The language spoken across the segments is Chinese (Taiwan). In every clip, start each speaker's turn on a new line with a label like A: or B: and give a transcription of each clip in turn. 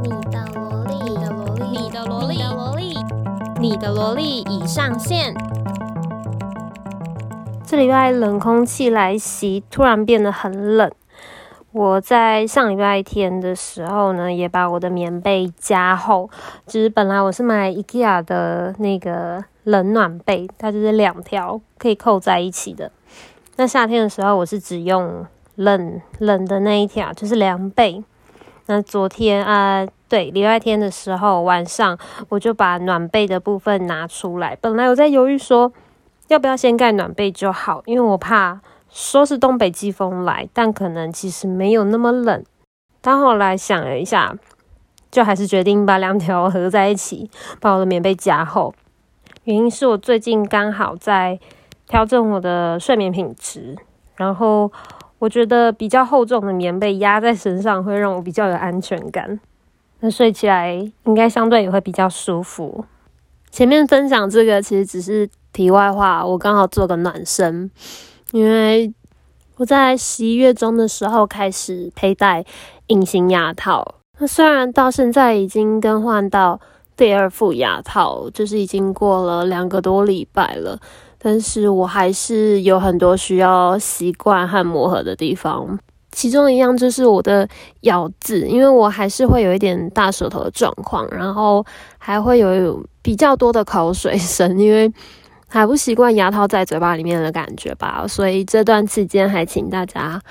A: 你的蘿莉，你的蘿莉，你的蘿莉，你的蘿莉，你的蘿莉已上線。這裡外冷空氣來襲，突然變得很冷。我在上禮拜天的時候呢，也把我的棉被加厚。其、就、實、是、本來我是買宜 a 的那個冷暖被，它就是兩條可以扣在一起的。那夏天的時候，我是只用。冷冷的那一條，就是涼被。那昨天啊、呃，對禮拜天的時候晚上，我就把暖被的部分拿出來。本來我在猶豫說，要不要先蓋暖被就好，因為我怕說是東北季風來，但可能其實沒有那麼冷。但後來想了一下，就還是決定把兩條合在一起，把我的棉被加厚。原因是我最近剛好在調整我的睡眠品質，然後。我覺得比較厚重的棉被壓在身上，會讓我比較有安全感，那睡起來應該相對也會比較舒服。前面分享這個其實只是題外話，我剛好做個暖身，因為我在十一月中的時候開始佩戴隱形牙套，那雖然到現在已經更換到第二副牙套，就是已經過了兩個多禮拜了。但是我還是有很多需要習慣和磨合的地方，其中一樣就是我的咬字，因為我還是會有一點大舌頭的狀況，然後還會有比較多的口水聲，因為還不習慣牙套在嘴巴裡面的感覺吧，所以這段期間還請大家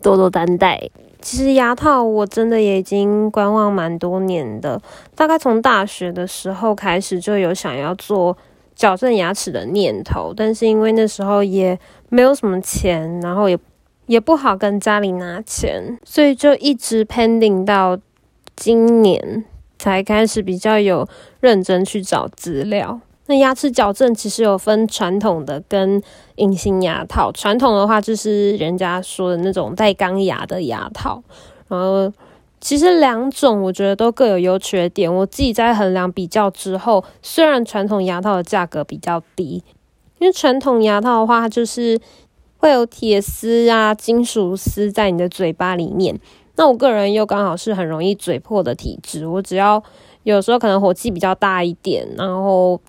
A: 多多擔待。其實牙套我真的也已經觀望蠻多年的，大概從大學的時候開始就有想要做。矯正牙齒的念頭，但是因為那時候也沒有什麼錢，然後也也不好跟家裡拿錢，所以就一直 pending 到今年才開始比較有認真去找資料。那牙齒矯正其實有分傳統的跟隱形牙套，傳統的話就是人家說的那種帶鋼牙的牙套，然後。其實兩種我覺得都各有優缺點。我自己在衡量比較之後，雖然傳統牙套的價格比較低，因為傳統牙套的話它就是會有鐵絲啊、金屬絲在你的嘴巴裡面。那我個人又剛好是很容易嘴破的體質，我只要有時候可能火氣比較大一點，然後。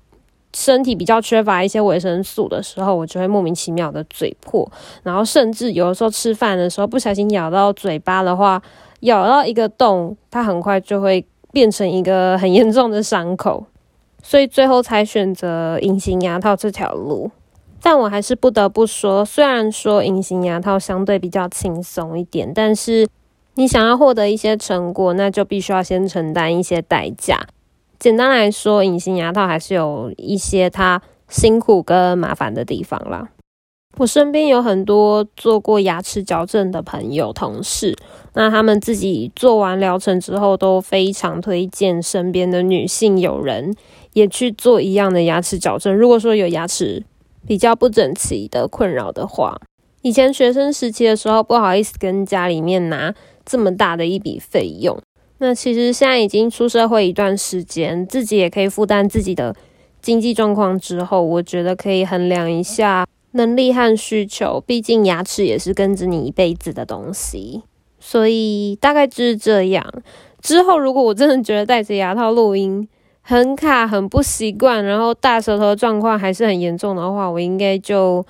A: 身體比較缺乏一些維生素的時候，我就會莫名其妙的嘴破，然後甚至有的時候吃飯的時候不小心咬到嘴巴的話，咬到一個洞，它很快就會變成一個很嚴重的傷口，所以最後才選擇隱形牙套這條路。但我還是不得不說，雖然說隱形牙套相對比較輕鬆一點，但是你想要獲得一些成果，那就必須要先承擔一些代價。簡單來說，隱形牙套還是有一些它辛苦跟麻煩的地方啦。我身邊有很多做過牙齒矯正的朋友、同事，那他們自己做完療程之後都非常推薦身邊的女性友人也去做一樣的牙齒矯正。如果說有牙齒比較不整齊的困擾的話，以前學生時期的時候不好意思跟家裡面拿這麼大的一筆費用。那其實現在已經出社會一段時間，自己也可以負擔自己的經濟狀況之後，我覺得可以衡量一下能力和需求。畢竟牙齒也是跟着你一輩子的東西，所以大概就是這樣。之後如果我真的覺得戴着牙套錄音很卡、很不習慣，然後大舌頭狀況還是很嚴重的話，我應該就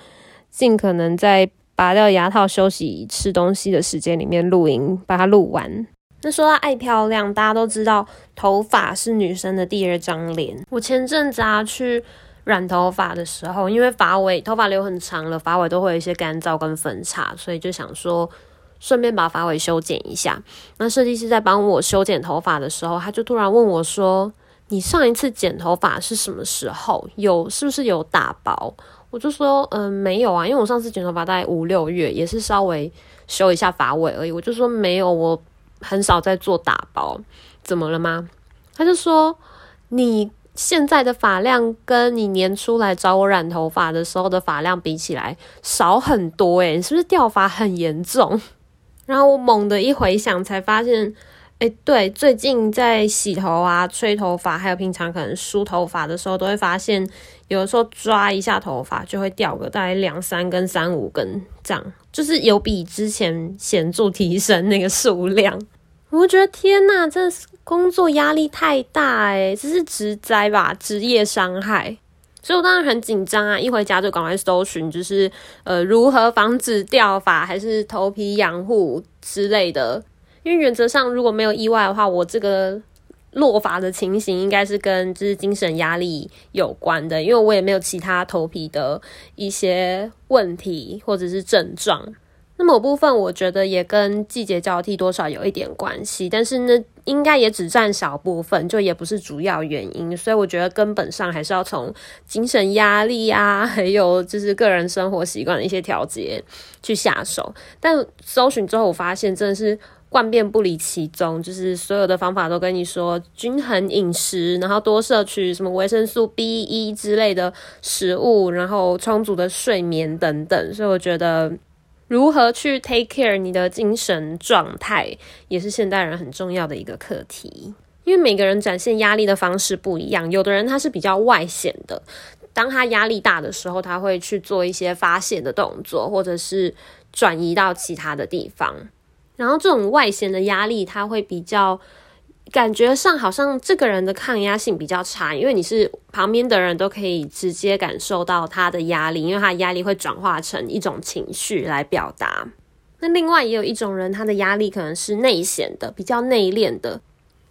A: 盡可能在拔掉牙套、休息、吃東西的時間裡面錄音，把它錄完。那說到愛漂亮，大家都知道頭髮是女生的第二張臉。我前陣子啊去染頭髮的時候，因為髮尾頭髮留很長了，髮尾都會有一些乾燥跟分叉，所以就想說順便把髮尾修剪一下。那設計師在幫我修剪頭髮的時候，他就突然問我說：“你上一次剪頭髮是什麼時候？有是不是有打薄？”我就說：“嗯，沒有啊，因為我上次剪頭髮大概五六月，也是稍微修一下髮尾而已。”我就說：“沒有，我。”很少在做打包，怎麼了嗎？他就說，你現在的髮量跟你年初來找我染頭髮的時候的髮量比起來少很多，欸，哎，你是不是掉髮很嚴重？然後我猛地一回想，才發現。哎、欸，對，最近在洗頭啊、吹頭髮，還有平常可能梳頭髮的時候，都會發現，有的時候抓一下頭髮就會掉個大概兩三根、三五根這樣，就是有比之前顯著提升那個數量。我覺得天哪，這工作壓力太大哎，這是職災吧，職業傷害。所以我當然很緊張啊，一回家就趕快搜尋，就是呃如何防止掉髮，還是頭皮養護之類的。因為原則上，如果沒有意外的話，我這個落髮的情形應該是跟就是精神壓力有關的，因為我也沒有其他頭皮的一些問題或者是症狀。那麼我部分我覺得也跟季節交替多少有一點關係，但是呢，應該也只佔小部分，就也不是主要原因。所以我覺得根本上還是要從精神壓力啊，還有就是個人生活習慣的一些調節去下手。但搜尋之後，我發現真的是。萬變不離其宗，就是所有的方法都跟你說均衡飲食，然後多攝取什麼維生素 B 一之類的食物，然後充足的睡眠等等。所以我覺得如何去 take care 你的精神狀態，也是現代人很重要的一個課題。因為每個人展現壓力的方式不一樣，有的人他是比較外顯的，當他壓力大的時候，他會去做一些發洩的動作，或者是轉移到其他的地方。然後這種外顯的壓力，他會比較感覺上好像這個人的抗壓性比較差，因為你是旁邊的人都可以直接感受到他的壓力，因為他壓力會轉化成一種情緒來表達。那另外也有一種人，他的壓力可能是內顯的，比較內斂的。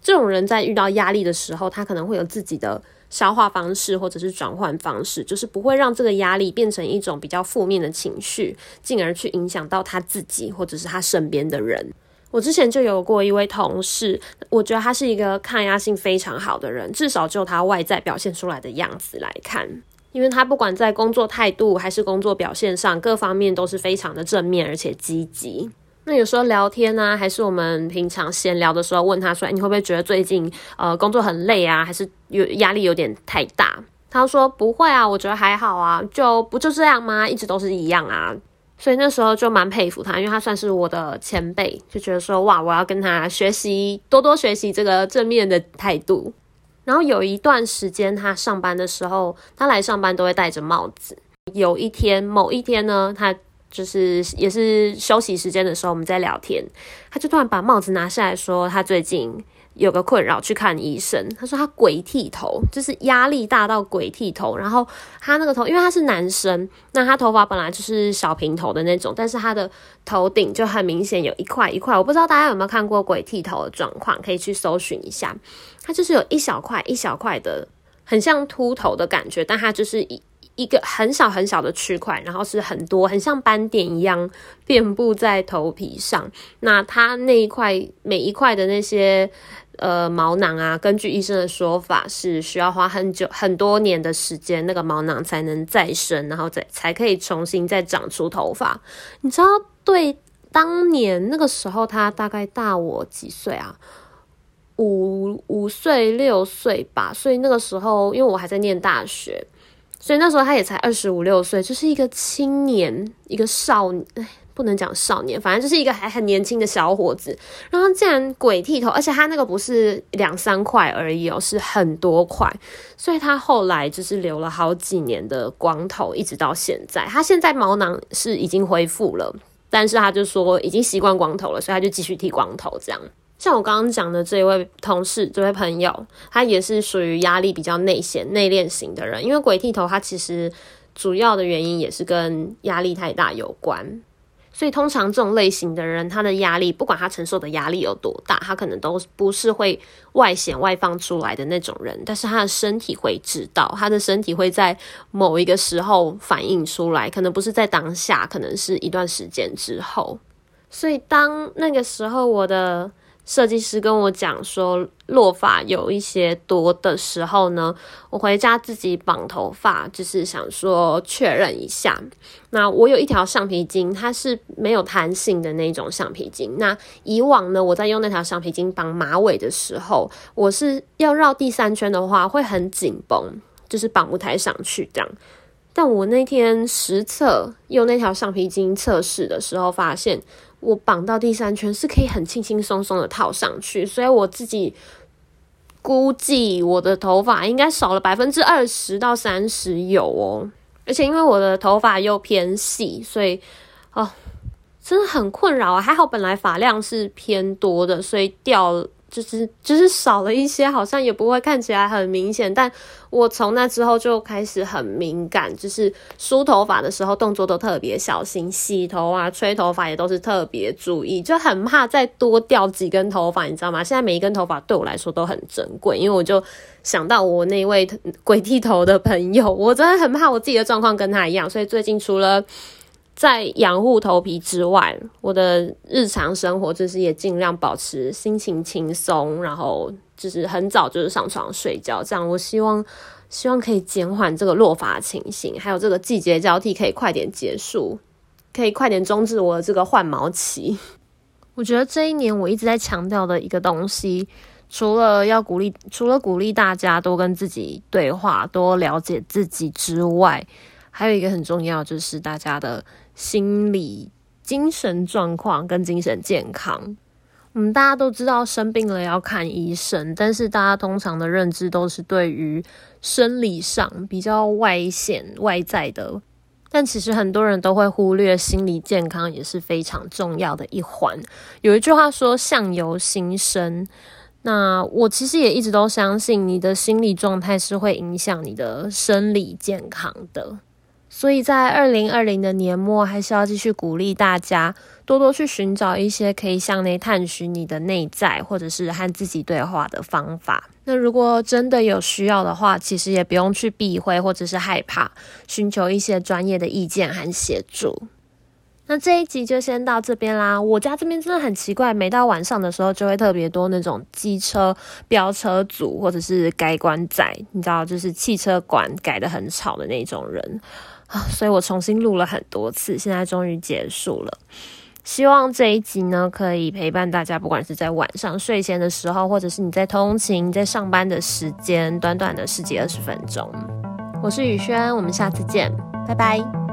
A: 這種人在遇到壓力的時候，他可能會有自己的消化方式或者是轉換方式，就是不會讓這個壓力變成一種比較負面的情緒，進而去影響到他自己或者是他身邊的人。我之前就有過一位同事，我覺得他是一個抗壓性非常好的人，至少就他外在表現出來的樣子來看，因為他不管在工作態度還是工作表現上，各方面都是非常的正面而且積極。那有時候聊天呢，啊，還是我們平常閒聊的時候，問他說：“你會不會覺得最近呃工作很累啊，還是有壓力有點太大？”他說：“不會啊，我覺得還好啊，就不就這樣嗎？一直都是一樣啊。”所以那時候就蠻佩服他，因為他算是我的前輩，就覺得說：“哇，我要跟他學習，多多學習這個正面的態度。”然後有一段時間他上班的時候，他來上班都會戴着帽子。有一天，某一天呢，他。就是也是休息時間的時候，我們在聊天，他就突然把帽子拿下來說，他最近有個困擾，去看醫生。他說他鬼剃頭，就是壓力大到鬼剃頭。然後他那個頭，因為他是男生，那他頭髮本來就是小平頭的那種，但是他的頭頂就很明顯有一塊一塊。我不知道大家有沒有看過鬼剃頭的狀況，可以去搜尋一下。他就是有一小塊一小塊的，很像禿頭的感覺，但他就是一一個很小很小的區塊，然後是很多很像斑點一樣遍布，在頭皮上。那它那一塊每一塊的那些呃毛囊啊，根據醫生的說法，是需要花很久很多年的時間，那個毛囊才能再生，然後再才可以重新再長出頭髮。你知道，對，當年那個時候他大概大我幾歲啊？五五歲六歲吧。所以那個時候，因為我還在念大學。所以那時候他也才二十五六歲，就是一個青年，一個少哎，不能講少年，反正就是一個還很年輕的小伙子。然後竟然鬼剃頭，而且他那個不是兩三塊而已哦、喔，是很多塊。所以他後來就是留了好幾年的光頭，一直到現在。他現在毛囊是已經恢復了，但是他就說已經習慣光頭了，所以他就繼續剃光頭這樣。像我剛剛講的這位同事，這位朋友，他也是屬於壓力比較內顯、內斂型的人。因為鬼剃頭，他其實主要的原因也是跟壓力太大有關。所以，通常這種類型的人，他的壓力，不管他承受的壓力有多大，他可能都不是會外顯、外放出來的那種人。但是，他的身體會知道，他的身體會在某一個時候反應出來，可能不是在當下，可能是一段時間之後。所以，當那個時候我的。設計師跟我講說，落髮有一些多的時候呢，我回家自己綁頭髮，就是想說確認一下。那我有一條橡皮筋，它是沒有彈性的那種橡皮筋。那以往呢，我在用那條橡皮筋綁馬尾的時候，我是要繞第三圈的話會很緊繃，就是綁不太上去這樣。但我那天實測用那條橡皮筋測試的時候，發現。我綁到第三圈是可以很輕輕鬆鬆的套上去，所以我自己估計我的頭髮應該少了百分之二十到三十有哦。而且因為我的頭髮又偏細，所以哦真的很困擾啊。還好本來髮量是偏多的，所以掉了。就是就是少了一些，好像也不會看起來很明顯，但我從那之後就開始很敏感，就是梳頭髮的時候動作都特別小心，洗頭啊、吹頭髮也都是特別注意，就很怕再多掉幾根頭髮，你知道嗎？現在每一根頭髮對我來說都很珍貴，因為我就想到我那位鬼剃頭的朋友，我真的很怕我自己的狀況跟他一樣，所以最近除了。在養護頭皮之外，我的日常生活就是也盡量保持心情輕鬆，然後就是很早就是上床睡覺，這樣我希望希望可以減緩這個落髮情形，還有這個季節交替可以快點結束，可以快點終止我的這個換毛期。我覺得這一年我一直在強調的一個東西，除了要鼓勵，除了鼓勵大家多跟自己對話，多了解自己之外，還有一個很重要就是大家的。心理、精神狀況跟精神健康，嗯，我們大家都知道生病了要看醫生，但是大家通常的認知都是對於生理上比較外顯、外在的，但其實很多人都會忽略心理健康也是非常重要的一環。有一句話說“相由心生”，那我其實也一直都相信，你的心理狀態是會影響你的生理健康的。所以在二零二零的年末，還是要繼續鼓勵大家多多去尋找一些可以向內探尋你的內在，或者是和自己對話的方法。那如果真的有需要的話，其實也不用去避諱或者是害怕，尋求一些專業的意見和協助。那這一集就先到這邊啦。我家這邊真的很奇怪，每到晚上的時候就會特別多那種機車飆車族，或者是改管仔，你知道，就是汽車管改得很吵的那種人。啊，所以我重新錄了很多次，現在終於結束了。希望這一集呢，可以陪伴大家，不管是在晚上睡前的時候，或者是你在通勤、在上班的時間，短短的十幾二十分鐘。我是雨瑄，我們下次見，拜拜。